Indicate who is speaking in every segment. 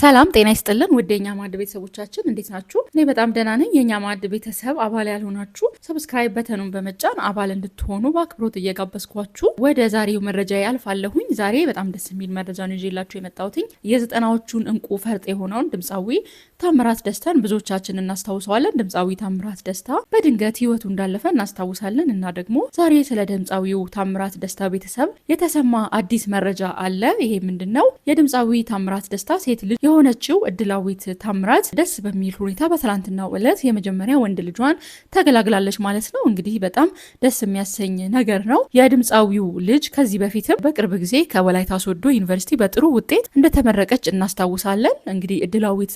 Speaker 1: ሰላም ጤና ይስጥልን ውድ የኛ ማዕድ ቤተሰቦቻችን እንዴት ናችሁ? እኔ በጣም ደህና ነኝ። የኛ ማዕድ ቤተሰብ አባል ያልሆናችሁ ሰብስክራይብ በተኑን በመጫን አባል እንድትሆኑ በአክብሮት እየጋበዝኳችሁ ወደ ዛሬው መረጃ ያልፋለሁኝ። ዛሬ በጣም ደስ የሚል መረጃ ነው ይዤላችሁ የመጣሁትኝ የዘጠናዎቹን እንቁ ፈርጥ የሆነውን ድምፃዊ ታምራት ደስታን ብዙዎቻችን እናስታውሰዋለን። ድምፃዊ ታምራት ደስታ በድንገት ህይወቱ እንዳለፈ እናስታውሳለን እና ደግሞ ዛሬ ስለ ድምፃዊው ታምራት ደስታ ቤተሰብ የተሰማ አዲስ መረጃ አለ። ይሄ ምንድን ነው? የድምፃዊ ታምራት ደስታ ሴት ልጅ የሆነችው እድላዊት ታምራት ደስ በሚል ሁኔታ በትላንትናው ዕለት የመጀመሪያ ወንድ ልጇን ተገላግላለች ማለት ነው። እንግዲህ በጣም ደስ የሚያሰኝ ነገር ነው። የድምፃዊው ልጅ ከዚህ በፊትም በቅርብ ጊዜ ከወላይታ ሶዶ ዩኒቨርሲቲ በጥሩ ውጤት እንደተመረቀች እናስታውሳለን። እንግዲህ እድላዊት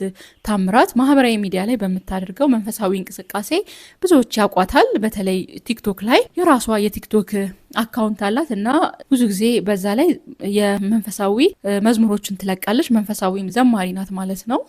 Speaker 1: ታምራት ማህበራዊ ሚዲያ ላይ በምታደርገው መንፈሳዊ እንቅስቃሴ ብዙዎች ያውቋታል። በተለይ ቲክቶክ ላይ የራሷ የቲክቶክ አካውንት አላት እና ብዙ ጊዜ በዛ ላይ የመንፈሳዊ መዝሙሮችን ትለቃለች። መንፈሳዊም ዘማ ተማሪ ናት ማለት ነው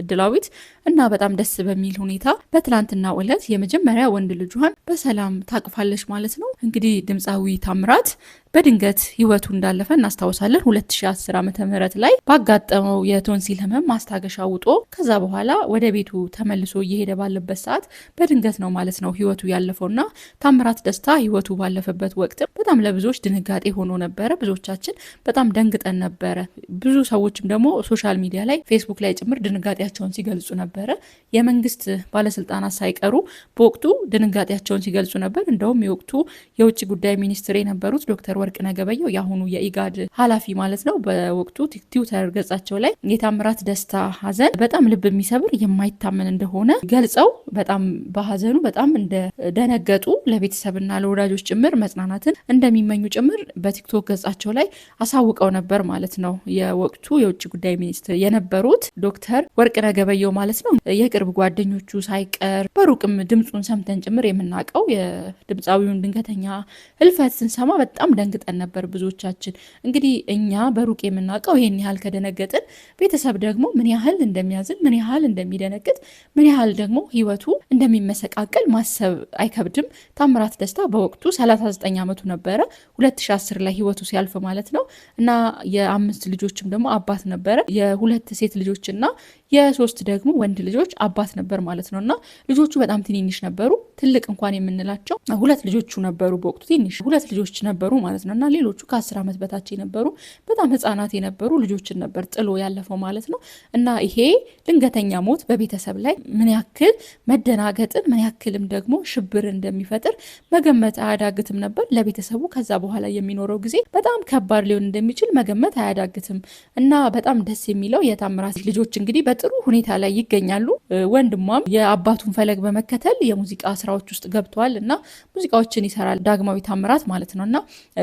Speaker 1: እድላዊት እና በጣም ደስ በሚል ሁኔታ በትላንትና ዕለት የመጀመሪያ ወንድ ልጇን በሰላም ታቅፋለች ማለት ነው። እንግዲህ ድምፃዊ ታምራት በድንገት ህይወቱ እንዳለፈ እናስታውሳለን። 2010 ዓ ም ላይ ባጋጠመው የቶንሲል ህመም ማስታገሻ ውጦ ከዛ በኋላ ወደ ቤቱ ተመልሶ እየሄደ ባለበት ሰዓት በድንገት ነው ማለት ነው ህይወቱ ያለፈውና ታምራት ደስታ ህይወቱ ባለፈበት ወቅት በጣም ለብዙዎች ድንጋጤ ሆኖ ነበረ። ብዙዎቻችን በጣም ደንግጠን ነበረ። ብዙ ሰዎችም ደግሞ ሶሻል ሚዲያ ላይ ፌስቡክ ላይ ጭምር ድንጋጤያቸውን ሲገልጹ ነበረ። የመንግስት ባለስልጣናት ሳይቀሩ በወቅቱ ድንጋጤያቸውን ሲገልጹ ነበር። እንደውም የወቅቱ የውጭ ጉዳይ ሚኒስትር የነበሩት ዶክተር ወርቅ ነገበየው የአሁኑ የኢጋድ ኃላፊ ማለት ነው በወቅቱ ትዊተር ገጻቸው ላይ የታምራት ደስታ ሀዘን በጣም ልብ የሚሰብር የማይታመን እንደሆነ ገልጸው በጣም በሀዘኑ በጣም እንደደነገጡ ለቤተሰብና ለወዳጆች ጭምር መጽናናትን እንደሚመኙ ጭምር በቲክቶክ ገጻቸው ላይ አሳውቀው ነበር ማለት ነው። የወቅቱ የውጭ ጉዳይ ሚኒስትር የነበሩት ዶክተር ወርቅነህ ገበየሁ ማለት ነው የቅርብ ጓደኞቹ ሳይቀር በሩቅም ድምፁን ሰምተን ጭምር የምናውቀው የድምፃዊውን ድንገተኛ ህልፈት ስንሰማ በጣም ደንግ ደንግጠን ነበር ብዙዎቻችን። እንግዲህ እኛ በሩቅ የምናውቀው ይህን ያህል ከደነገጥን፣ ቤተሰብ ደግሞ ምን ያህል እንደሚያዝን፣ ምን ያህል እንደሚደነግጥ፣ ምን ያህል ደግሞ ህይወቱ እንደሚመሰቃቀል ማሰብ አይከብድም። ታምራት ደስታ በወቅቱ 39 ዓመቱ ነበረ 2010 ላይ ህይወቱ ሲያልፍ ማለት ነው እና የአምስት ልጆችም ደግሞ አባት ነበረ የሁለት ሴት ልጆች እና የሶስት ደግሞ ወንድ ልጆች አባት ነበር ማለት ነው እና ልጆቹ በጣም ትንንሽ ነበሩ። ትልቅ እንኳን የምንላቸው ሁለት ልጆቹ ነበሩ በወቅቱ ትንሽ ሁለት ልጆች ነበሩ ማለት ማለት ነው። እና ሌሎቹ ከአስር ዓመት በታች የነበሩ በጣም ህጻናት የነበሩ ልጆችን ነበር ጥሎ ያለፈው ማለት ነው። እና ይሄ ድንገተኛ ሞት በቤተሰብ ላይ ምን ያክል መደናገጥን ምን ያክልም ደግሞ ሽብር እንደሚፈጥር መገመት አያዳግትም ነበር። ለቤተሰቡ ከዛ በኋላ የሚኖረው ጊዜ በጣም ከባድ ሊሆን እንደሚችል መገመት አያዳግትም እና በጣም ደስ የሚለው የታምራት ልጆች እንግዲህ በጥሩ ሁኔታ ላይ ይገኛሉ። ወንድሟም የአባቱን ፈለግ በመከተል የሙዚቃ ስራዎች ውስጥ ገብተዋል እና ሙዚቃዎችን ይሰራል ዳግማዊ ታምራት ማለት ነው እና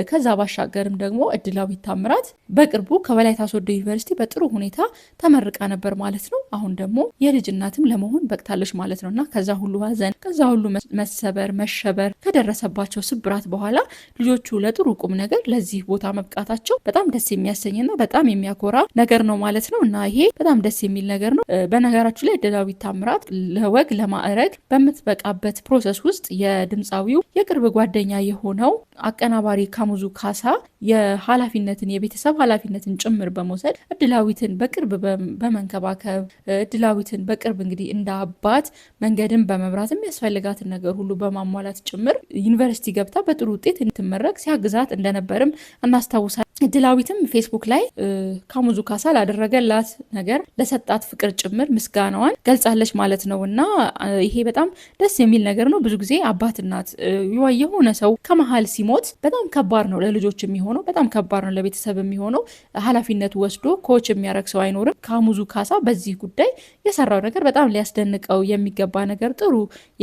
Speaker 1: ከዛ ባሻገርም ደግሞ እድላዊት ታምራት በቅርቡ ከወላይታ ሶዶ ዩኒቨርሲቲ በጥሩ ሁኔታ ተመርቃ ነበር ማለት ነው። አሁን ደግሞ የልጅ እናትም ለመሆን በቅታለች ማለት ነው እና ከዛ ሁሉ ሀዘን ከዛ ሁሉ መሰበር መሸበር ከደረሰባቸው ስብራት በኋላ ልጆቹ ለጥሩ ቁም ነገር ለዚህ ቦታ መብቃታቸው በጣም ደስ የሚያሰኝና በጣም የሚያኮራ ነገር ነው ማለት ነው እና ይሄ በጣም ደስ የሚል ነገር ነው። በነገራችሁ ላይ እድላዊ ታምራት ለወግ ለማዕረግ በምትበቃበት ፕሮሰስ ውስጥ የድምፃዊው የቅርብ ጓደኛ የሆነው አቀናባሪ ካሙ ደሞዙ ካሳ የኃላፊነትን የቤተሰብ ኃላፊነትን ጭምር በመውሰድ እድላዊትን በቅርብ በመንከባከብ እድላዊትን በቅርብ እንግዲህ እንደ አባት መንገድን በመብራት የሚያስፈልጋትን ነገር ሁሉ በማሟላት ጭምር ዩኒቨርሲቲ ገብታ በጥሩ ውጤት እንድትመረቅ ሲያግዛት እንደነበርም እናስታውሳል። እድላዊትም ፌስቡክ ላይ ካሙዙ ካሳ ላደረገላት ነገር ለሰጣት ፍቅር ጭምር ምስጋናዋን ገልጻለች ማለት ነው። እና ይሄ በጣም ደስ የሚል ነገር ነው። ብዙ ጊዜ አባት እናት የሆነ ሰው ከመሀል ሲሞት በጣም ከባድ ነው ለልጆች የሚሆነው በጣም ከባድ ነው ለቤተሰብ የሚሆነው ኃላፊነት ወስዶ ኮች የሚያደርግ ሰው አይኖርም። ካሙዙ ካሳ በዚህ ጉዳይ የሰራው ነገር በጣም ሊያስደንቀው የሚገባ ነገር ጥሩ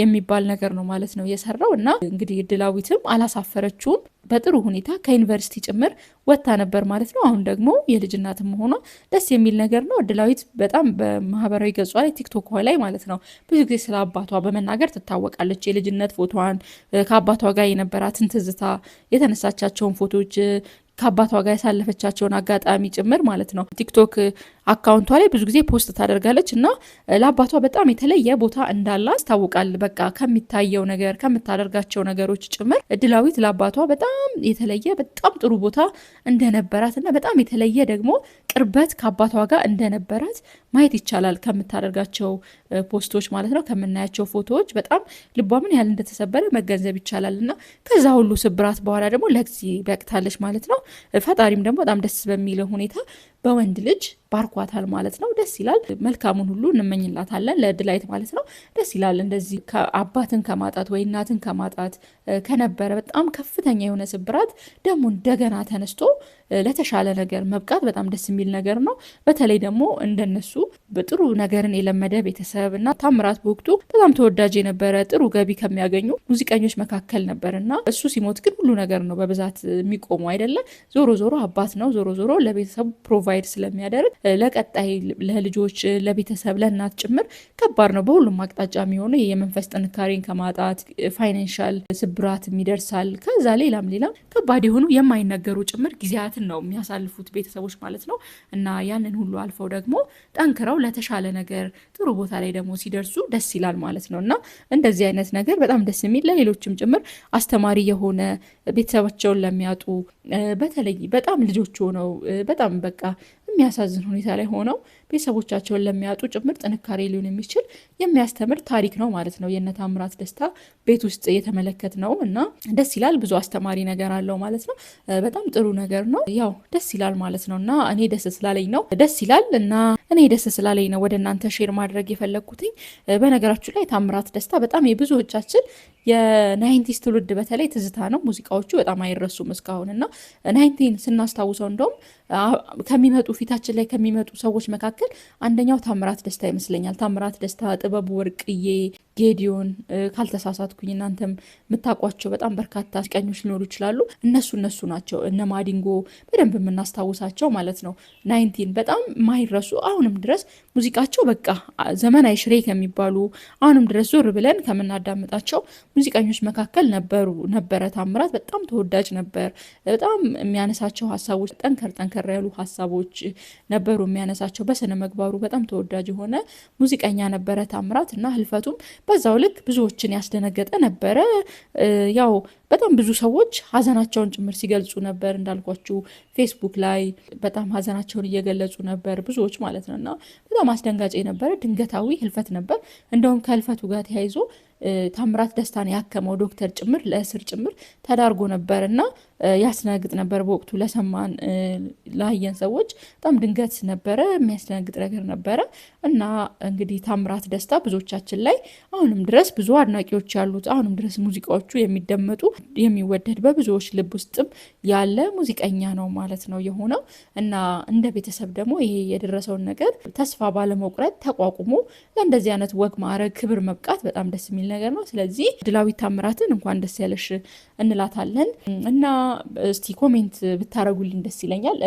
Speaker 1: የሚባል ነገር ነው ማለት ነው የሰራው እና እንግዲህ እድላዊትም አላሳፈረችውም በጥሩ ሁኔታ ከዩኒቨርሲቲ ጭምር ወታ ነበር ማለት ነው። አሁን ደግሞ የልጅ እናት መሆኗ ደስ የሚል ነገር ነው። እድላዊት በጣም በማህበራዊ ገጿ ላይ ቲክቶክ ላይ ማለት ነው ብዙ ጊዜ ስለ አባቷ በመናገር ትታወቃለች። የልጅነት ፎቶዋን ከአባቷ ጋር የነበራትን ትዝታ የተነሳቻቸውን ፎቶዎች ከአባቷ ጋር ያሳለፈቻቸውን አጋጣሚ ጭምር ማለት ነው። ቲክቶክ አካውንቷ ላይ ብዙ ጊዜ ፖስት ታደርጋለች እና ለአባቷ በጣም የተለየ ቦታ እንዳላ አስታውቃል። በቃ ከሚታየው ነገር ከምታደርጋቸው ነገሮች ጭምር እድላዊት ለአባቷ በጣም የተለየ በጣም ጥሩ ቦታ እንደነበራት እና በጣም የተለየ ደግሞ ቅርበት ከአባቷ ጋር እንደነበራት ማየት ይቻላል። ከምታደርጋቸው ፖስቶች ማለት ነው፣ ከምናያቸው ፎቶዎች በጣም ልቧ ምን ያህል እንደተሰበረ መገንዘብ ይቻላል እና ከዛ ሁሉ ስብራት በኋላ ደግሞ ለጊዜ በቅታለች ማለት ነው። ፈጣሪም ደግሞ በጣም ደስ በሚለው ሁኔታ በወንድ ልጅ ባርኳታል ማለት ነው። ደስ ይላል። መልካሙን ሁሉ እንመኝላታለን ለድላይት ማለት ነው። ደስ ይላል። እንደዚህ አባትን ከማጣት ወይ እናትን ከማጣት ከነበረ በጣም ከፍተኛ የሆነ ስብራት ደግሞ እንደገና ተነስቶ ለተሻለ ነገር መብቃት በጣም ደስ የሚል ነገር ነው። በተለይ ደግሞ እንደነሱ በጥሩ ነገርን የለመደ ቤተሰብ እና ታምራት በወቅቱ በጣም ተወዳጅ የነበረ ጥሩ ገቢ ከሚያገኙ ሙዚቀኞች መካከል ነበር እና እሱ ሲሞት ግን ሁሉ ነገር ነው በብዛት የሚቆሙ አይደለም። ዞሮ ዞሮ አባት ነው። ዞሮ ዞሮ ለቤተሰቡ ፕሮቫ ፕሮቫይድ ስለሚያደርግ ለቀጣይ ለልጆች፣ ለቤተሰብ፣ ለእናት ጭምር ከባድ ነው። በሁሉም አቅጣጫ የሚሆኑ የመንፈስ ጥንካሬን ከማጣት ፋይናንሻል ስብራትም ይደርሳል። ከዛ ሌላም ሌላም ከባድ የሆኑ የማይነገሩ ጭምር ጊዜያትን ነው የሚያሳልፉት ቤተሰቦች ማለት ነው እና ያንን ሁሉ አልፈው ደግሞ ጠንክረው ለተሻለ ነገር ጥሩ ቦታ ላይ ደግሞ ሲደርሱ ደስ ይላል ማለት ነው እና እንደዚህ አይነት ነገር በጣም ደስ የሚል ለሌሎችም ጭምር አስተማሪ የሆነ ቤተሰባቸውን ለሚያጡ በተለይ በጣም ልጆች ሆነው በጣም በቃ በሚያሳዝን ሁኔታ ላይ ሆነው ቤተሰቦቻቸውን ለሚያጡ ጭምር ጥንካሬ ሊሆን የሚችል የሚያስተምር ታሪክ ነው ማለት ነው። የእነ ታምራት ደስታ ቤት ውስጥ የተመለከት ነው እና ደስ ይላል። ብዙ አስተማሪ ነገር አለው ማለት ነው። በጣም ጥሩ ነገር ነው። ያው ደስ ይላል ማለት ነው እና እኔ ደስ ስላለኝ ነው ደስ ይላል እና እኔ ደስ ስላለኝ ነው ወደ እናንተ ሼር ማድረግ የፈለግኩትኝ። በነገራችሁ ላይ ታምራት ደስታ በጣም የብዙዎቻችን የናይንቲስ ትውልድ በተለይ ትዝታ ነው። ሙዚቃዎቹ በጣም አይረሱም እስካሁን እና ናይንቲን ስናስታውሰው እንደውም ከሚመጡ ፊታችን ላይ ከሚመጡ ሰዎች መካከል አንደኛው ታምራት ደስታ ይመስለኛል። ታምራት ደስታ፣ ጥበቡ ወርቅዬ፣ ጌዲዮን ካልተሳሳትኩኝ እናንተም የምታውቋቸው በጣም በርካታ ሙዚቀኞች ሊኖሩ ይችላሉ። እነሱ እነሱ ናቸው እነ ማዲንጎ በደንብ የምናስታውሳቸው ማለት ነው። ናይንቲን በጣም ማይረሱ አሁንም ድረስ ሙዚቃቸው በቃ ዘመናዊ ሽሬ ከሚባሉ አሁንም ድረስ ዞር ብለን ከምናዳምጣቸው ሙዚቀኞች መካከል ነበሩ ነበረ። ታምራት በጣም ተወዳጅ ነበር። በጣም የሚያነሳቸው ሀሳቦች ጠንከር ጠንከር ያሉ ሀሳቦች ነበሩ የሚያነሳቸው። በስነ መግባሩ በጣም ተወዳጅ የሆነ ሙዚቀኛ ነበረ ታምራት እና ህልፈቱም በዛው ልክ ብዙዎችን ያስደነገጠ ነበረ። ያው በጣም ብዙ ሰዎች ሀዘናቸውን ጭምር ሲገልጹ ነበር እንዳልኳችሁ ፌስቡክ ላይ በጣም ሀዘናቸውን እየገለጹ ነበር ብዙዎች ማለት ነው እና በጣም አስደንጋጭ የነበረ ድንገታዊ ህልፈት ነበር። እንደውም ከህልፈቱ ጋር ተያይዞ ታምራት ደስታን ያከመው ዶክተር ጭምር ለእስር ጭምር ተዳርጎ ነበር እና ያስደነግጥ ነበር። በወቅቱ ለሰማን ላየን ሰዎች በጣም ድንገት ነበረ፣ የሚያስደነግጥ ነገር ነበረ እና እንግዲህ ታምራት ደስታ ብዙዎቻችን ላይ አሁንም ድረስ ብዙ አድናቂዎች ያሉት አሁንም ድረስ ሙዚቃዎቹ የሚደመጡ የሚወደድ በብዙዎች ልብ ውስጥም ያለ ሙዚቀኛ ነው ማለት ነው የሆነው እና እንደ ቤተሰብ ደግሞ ይሄ የደረሰውን ነገር ተስፋ ባለመቁረጥ ተቋቁሞ ለእንደዚህ አይነት ወግ ማዕረግ ክብር መብቃት በጣም ደስ የሚል ነገር ነው። ስለዚህ ድላዊ ታምራትን እንኳን ደስ ያለሽ እንላታለን እና እስቲ ኮሜንት ብታረጉልኝ ደስ ይለኛል።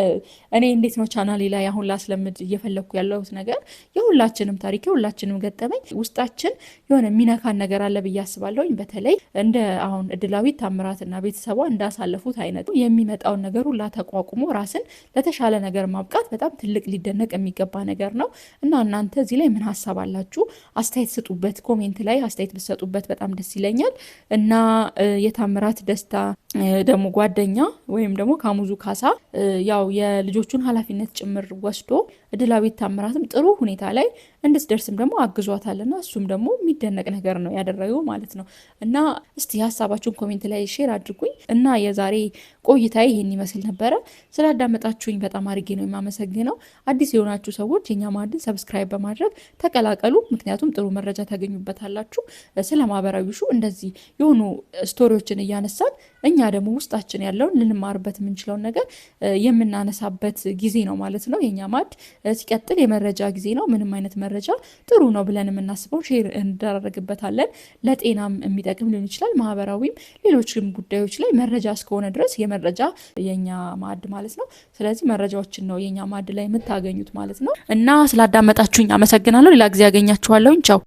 Speaker 1: እኔ እንዴት ነው ቻናሌ ላይ አሁን ላስለምድ እየፈለግኩ ያለሁት ነገር የሁላችንም ታሪክ የሁላችንም ገጠመኝ ውስጣችን የሆነ የሚነካን ነገር አለ ብዬ አስባለሁኝ። በተለይ እንደ አሁን እድላዊት ታምራትና ቤተሰቧ እንዳሳለፉት አይነት የሚመጣውን ነገር ሁላ ተቋቁሞ ራስን ለተሻለ ነገር ማብቃት በጣም ትልቅ ሊደነቅ የሚገባ ነገር ነው እና እናንተ እዚህ ላይ ምን ሀሳብ አላችሁ? አስተያየት ስጡበት። ኮሜንት ላይ አስተያየት ብትሰጡበት በጣም ደስ ይለኛል እና የታምራት ደስታ ደግሞ ጓደ ጓደኛ ወይም ደግሞ ካሙዙ ካሳ ያው የልጆቹን ኃላፊነት ጭምር ወስዶ ድላዊት ታምራትም ጥሩ ሁኔታ ላይ እንድትደርስም ደግሞ አግዟታልና እሱም ደግሞ የሚደነቅ ነገር ነው ያደረገው ማለት ነው። እና እስቲ ሀሳባችሁን ኮሜንት ላይ ሼር አድርጉኝ እና የዛሬ ቆይታ ይህን ይመስል ነበረ። ስላዳመጣችሁኝ በጣም አድርጌ ነው የማመሰግነው። አዲስ የሆናችሁ ሰዎች የኛ ማዕድን ሰብስክራይብ በማድረግ ተቀላቀሉ። ምክንያቱም ጥሩ መረጃ ታገኙበታላችሁ። ስለ ማህበራዊ ሹ እንደዚህ የሆኑ ስቶሪዎችን እያነሳን እኛ ደግሞ ውስጣችን ውስጣችን ያለውን ልንማርበት የምንችለውን ነገር የምናነሳበት ጊዜ ነው ማለት ነው የኛ ማድ ሲቀጥል የመረጃ ጊዜ ነው። ምንም አይነት መረጃ ጥሩ ነው ብለን የምናስበው ሼር እንደራረግበታለን። ለጤናም የሚጠቅም ሊሆን ይችላል፣ ማህበራዊም፣ ሌሎችም ጉዳዮች ላይ መረጃ እስከሆነ ድረስ የመረጃ የኛ ማድ ማለት ነው። ስለዚህ መረጃዎችን ነው የኛ ማድ ላይ የምታገኙት ማለት ነው። እና ስላዳመጣችሁኝ አመሰግናለሁ። ሌላ ጊዜ ያገኛችኋለሁኝ። ቻው